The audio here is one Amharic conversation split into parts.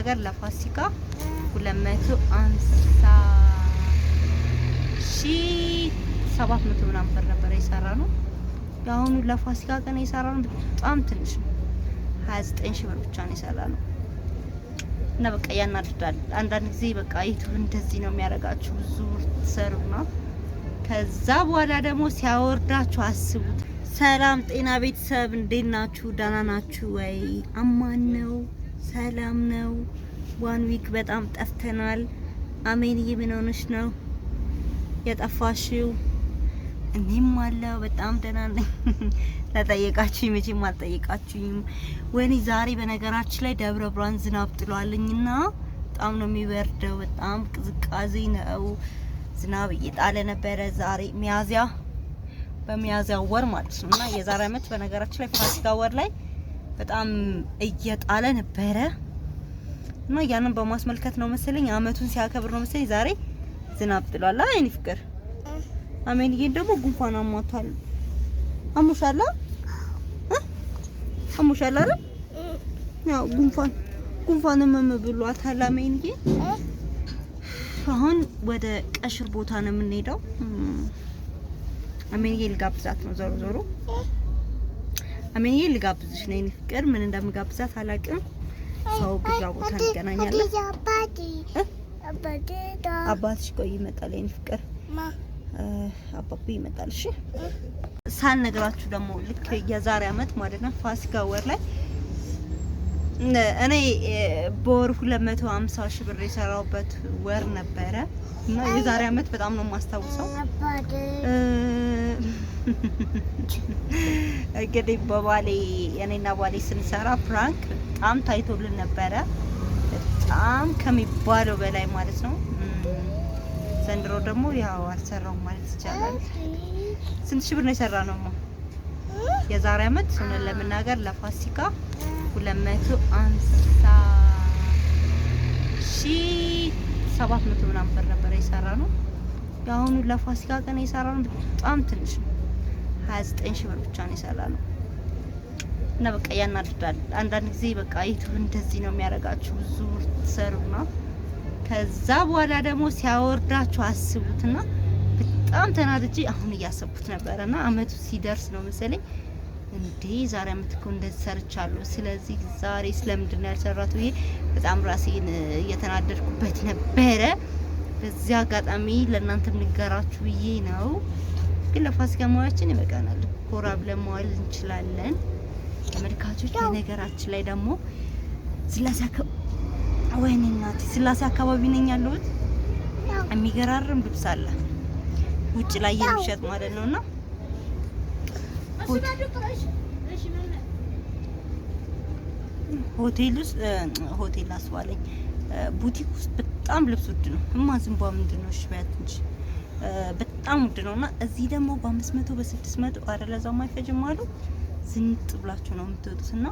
ሀገር ለፋሲካ 250 ሺ 700 ምናምን ብር ነበር የሰራ ነው። የአሁኑ ለፋሲካ ቀን የሰራ ነው በጣም ትንሽ ነው። 29 ሺ ብር ብቻ ነው የሰራ ነው። እና በቃ ያናድዳል። አንዳንድ ጊዜ በቃ ይቱ እንደዚህ ነው የሚያደርጋችሁ። ብዙ ትሰሩና ከዛ በኋላ ደግሞ ሲያወርዳችሁ አስቡት። ሰላም ጤና ቤተሰብ እንዴት ናችሁ? ደህና ናችሁ ወይ? አማን ነው ሰላም ነው። ዋን ዊክ በጣም ጠፍተናል። አሜንዬ ምን ሆነሽ ነው የጠፋሽው? እኔም አለው በጣም ደህና ነኝ። ለጠየቃችሁኝ መቼም አልጠየቃችሁኝም። ወይኔ ዛሬ በነገራችን ላይ ደብረ ብርሃን ዝናብ ጥሏልኝና በጣም ነው የሚበርደው። በጣም ቅዝቃዜ ነው። ዝናብ እየጣለ ነበረ ዛሬ ሚያዚያ በሚያዚያ ወር ማለት ነው እና የዛሬ አመት በነገራችን ላይ ፋሲካ ወር ላይ በጣም እየጣለ ነበረ እና ያንን በማስመልከት ነው መሰለኝ አመቱን ሲያከብር ነው መሰለኝ ዛሬ ዝናብ ጥሏል። አይኔ ፍቅር አሜንዬ ደግሞ ጉንፋን አሟቷል። አሙሻላ አሙሻላ አይደል? ያው ጉንፋን ጉንፋን መም ብሏታል አሜንዬ። አሁን ወደ ቀሽር ቦታ ነው የምንሄደው። አሜንዬ ልጋብዛት ነው ዞሮ ዞሮ አሜን ይሄ ልጋብዝሽ ነኝ ፍቅር ምን እንደምጋብዛት አላውቅም። ሰው ግዛ ቦታ እንገናኛለን። አባትሽ ቆይ ይመጣል። የኔ ፍቅር አባቡ ይመጣል። እሺ ሳልነግራችሁ ደግሞ ልክ የዛሬ አመት ማለት ነው ፋሲካ ወር ላይ እኔ በወር 250 ሺህ ብር የሰራሁበት ወር ነበረ እና የዛሬ አመት በጣም ነው የማስታውሰው። እንግዲህ በባሌ እኔና ባሌ ስንሰራ ፕራንክ በጣም ታይቶልን ነበረ፣ በጣም ከሚባለው በላይ ማለት ነው። ዘንድሮ ደግሞ ያው አልሰራውም ማለት ይቻላል። ስንት ሺህ ብር ነው የሰራ ነው የዛሬ አመት? እውነት ለመናገር ለፋሲካ ሁለት መቶ አምሳ ሺህ ሰባት መቶ ምናምን ብር ነበረ የሰራ ነው። የአሁኑ ለፋሲካ ቀን የሰራ ነው በጣም ትንሽ ነው። ሀያ ዘጠኝ ሺህ ብር ብቻ ነው የሰራ ነው። እና በቃ ያናድዳል። አንዳንድ ጊዜ በቃ ዩቱብ እንደዚህ ነው የሚያደርጋችሁ። ብዙ ትሰሩና ከዛ በኋላ ደግሞ ሲያወርዳችሁ አስቡትና በጣም ተናድጄ አሁን እያሰብኩት ነበረና አመቱ ሲደርስ ነው መሰለኝ እንዴ ዛሬ አመት እኮ እንደዚህ ሰርቻለሁ። ስለዚህ ዛሬ ስለምንድን ነው ያልሰራሁት ብዬ በጣም ራሴን እየተናደድኩበት ነበረ። በዚህ አጋጣሚ ለእናንተም ልንገራችሁ ብዬ ነው። ግን ለፋሲካ መዋያችን ይበቃናል፣ ኮራ ብለን መዋል እንችላለን። ተመልካቾች በነገራችን ላይ ደግሞ ስላሴ ወይኔ እናቴ ስላሴ አካባቢ ነኝ ያለሁት። የሚገራርም ልብስ አለ ውጭ ላይ የሚሸጥ ማለት ነው ነውና ሆቴል ውስጥ ሆቴል አስባለኝ ቡቲክ ውስጥ በጣም ልብስ ውድ ነው። እማ ዝንቧ ምንድን ነው? እሺ እንጂ በጣም ውድ ነው እና እዚህ ደግሞ በአምስት መቶ በስድስት መቶ አረ ለዛው አይፈጅም አሉ። ዝንጥ ብላችሁ ነው የምትወጡት። እና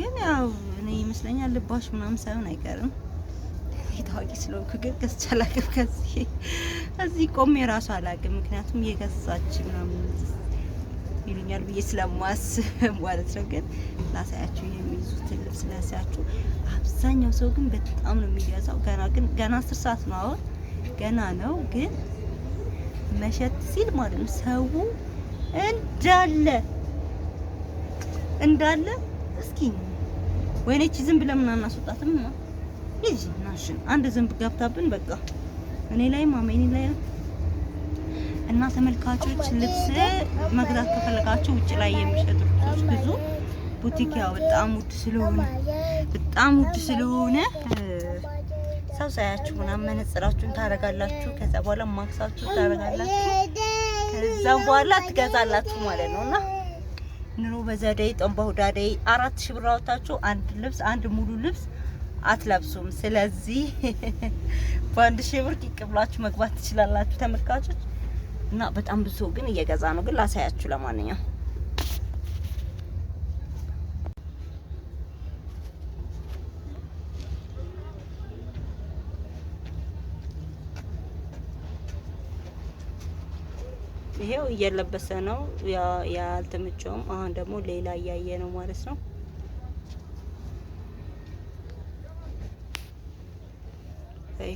ግን ያው እኔ ይመስለኛል ልባሽ ምናምን ሳይሆን አይቀርም። ታዋቂ ስለሆንኩ ግን ገዝቼ አላውቅም። ከዚህ እዚህ ቆሜ የራሱ አላውቅም። ምክንያቱም የገዛች ምናምን ይሉኛል ብዬ ስለማስብ ማለት ነው። ግን ላሳያችሁ የሚይዙትን ልብስ ላሳያችሁ። አብዛኛው ሰው ግን በጣም ነው የሚገዛው። ገና ግን ገና አስር ሰዓት ነው አሁን ገና ነው። ግን መሸት ሲል ማለት ነው ሰው እንዳለ እንዳለ እስኪ ወይኔች ዝም ብለን አናስወጣትም ነው ናሽን አንድ ዝንብ ገብታብን በቃ እኔ ላይ ማማ ላይ እና ተመልካቾች ልብስ መግዛት ከፈለጋችሁ ውጭ ላይ የሚሸጡ ልብሶች ብዙ ቡቲክ ያው በጣም ውድ ስለሆነ በጣም ውድ ስለሆነ ሰው ሳያችሁ ምናምን መነጽራችሁን ታደርጋላችሁ። ከዛ በኋላ ማክሳችሁ ታደርጋላችሁ። ከዛ በኋላ ትገዛላችሁ ማለት ነው እና ኑሮ በዘዴ ጠንባሁ ዳዴ አራት ሺህ ብር አውጥታችሁ አንድ ልብስ አንድ ሙሉ ልብስ አትለብሱም። ስለዚህ በአንድ ሺህ ብር ቂቅ ብላችሁ መግባት ትችላላችሁ ተመልካቾች። እና በጣም ብዙ ግን እየገዛ ነው። ግን ላሳያችሁ ለማንኛው ይሄው እየለበሰ ነው ያልተመቸውም። አሁን ደግሞ ሌላ እያየ ነው ማለት ነው። አይ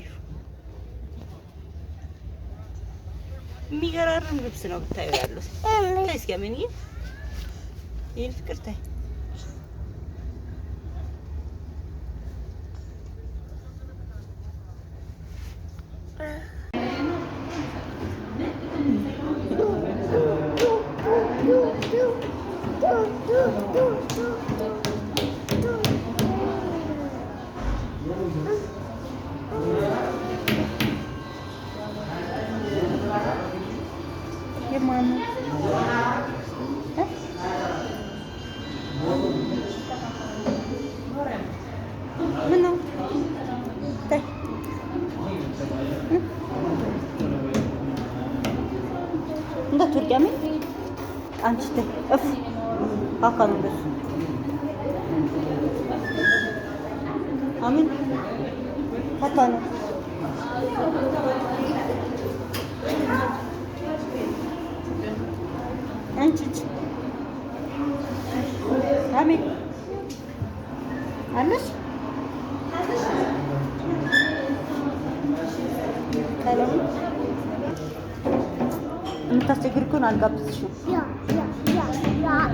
የሚገራርም ልብስ ነው ብታዩ ያሉት ታይ እስኪ አሜን ይህን ፍቅር ታይ parmak. Ano? Te. Bunda Türkiye mi? Ançtı. Öf. bir. Amin. Hakan'dır. Цигрку на капсу. Я, я, я, я.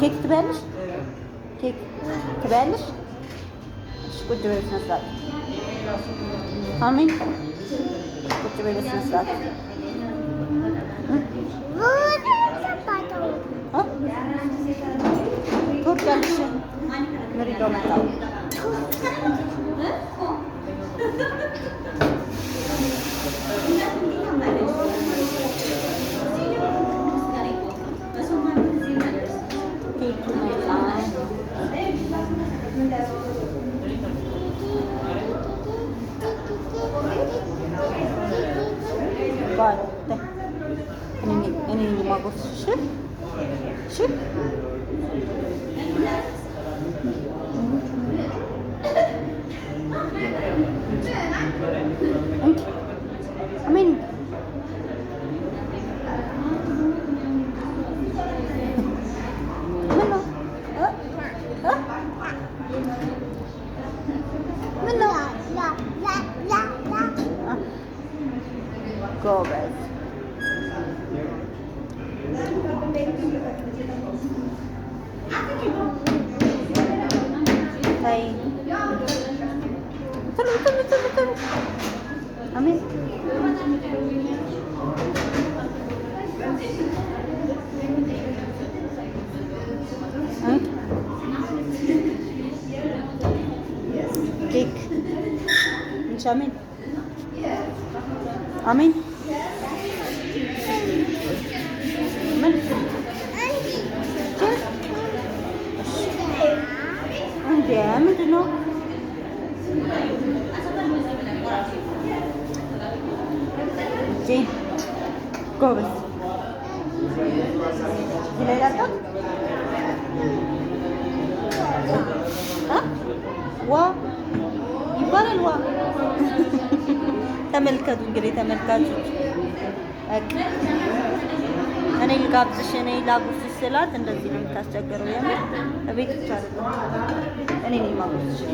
Кек ты берешь? Кек ты берешь? Şükür verirsin Esat. Amin. Şükür verirsin Esat. Dur gel. Meri şey. domata. Go, guys. Tay. Tumi, tumi, tumi, tumi. Amin. Thank you. አሜን፣ አሜን። ምንድን ነው? ጎበዝ ዋ ተመልከቱ እንግዲህ ተመልካቾች፣ እኔ ልጋብዝሽ እኔ ላጉስ ስላት እንደዚህ ነው የምታስቸግረው። የምር እቤት ብቻ እኔ ማጉዝሽ